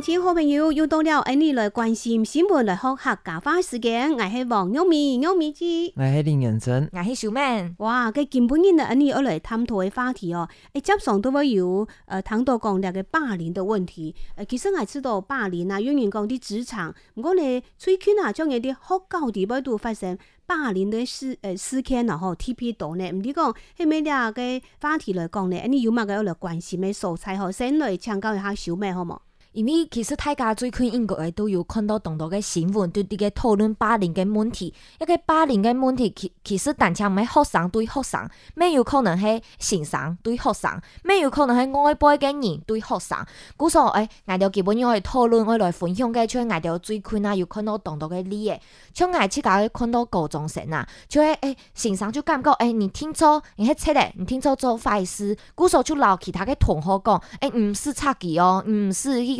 親好朋友又到了，安尼來關心、新聞來學客家話時間。我係黃玉梅、玉梅姐，我係李仁珍，我係小咩。哇，佢根本呢安尼而來探討的話題哦，呃、一接上都會有呃談到講個霸凌的問題。誒、呃，其實我係知道霸凌啊，永遠講啲職場，唔講你最近啊將嘢啲學校地盤度發生霸凌的事誒、呃、事件咯，嗬，T P 度咧唔知講喺咩啲個話題來講咧，安尼有乜個要嚟關心的素材，好先來請教一下小妹好冇？因為其實大家最近應該誒都有看到當多嘅新聞，對這討論霸凌的問題，一個霸凌的問題其其實，但請唔係學生對學生，咩有可能係先生對學生，咩有可能係外包嘅人對學生。古說誒，挨、欸、到基本上來討論，要來分享嘅，像挨到最近啊，有看到當多嘅你的像挨起個看到高中生啊，像誒先生就感覺誒你聽錯，你去切咧，你聽錯做壞事。古說就撈其他嘅同學講，誒、欸、唔、嗯、是差己哦，唔、嗯、是去。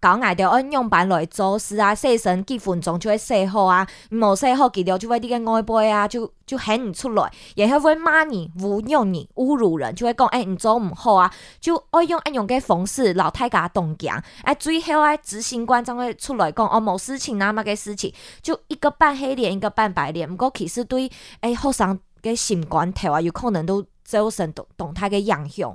搞挨到安用板來做事啊，洗身幾分鐘就會洗好啊，唔好洗好，記了就會啲嘅愛背啊，就就顯唔出來，然後會罵人、侮辱人，侮辱人就會講、欸，你做毋好啊，就愛用安用嘅諷老太家動情，最後哎執行官才會出來講，哦，某事情那麼嘅事情，就一個扮黑臉，一個扮白臉，不過其實對，學、欸、生的心肝頭啊，有可能都造成動動，動態的影響。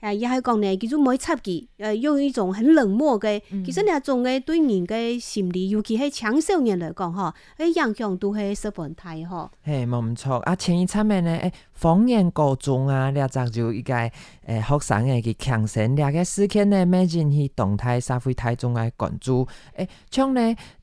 啊，也還講呢，佢仲唔可以插佢，誒、呃，用一種很冷漠的，嗯、其實你種的對人的心理，尤其係青少年來講，嗬，誒影響都係十分大，嗬。係冇唔錯，啊，衣日出呢，誒、欸，豐原高中啊，你啊就一個誒、欸、學生嘅去輕生，兩個事件咧，咪引起動態社會台中嘅關注，誒、欸，像呢。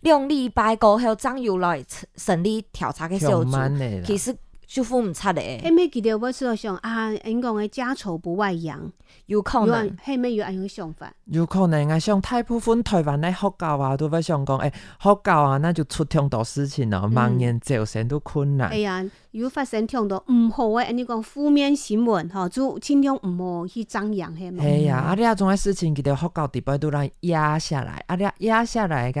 兩禮拜過後，政府來審理調查的時候，其實修復唔出的。蝦米記得我想啊，因講家醜不外揚，有可能，蝦米有安樣想法？有可能啊，像大部分台灣的學校啊，都不想講，哎、欸，學校啊，那就出恁多事情了、喔，盲言造神都困難、嗯。哎呀，有發生恁多唔好啊，因講負面新聞，哈，就盡量唔好去張揚，係咪？係、哎、啊，啊，你啊種嘅事情，佢哋學校地方都來壓下來，啊，壓壓下來個。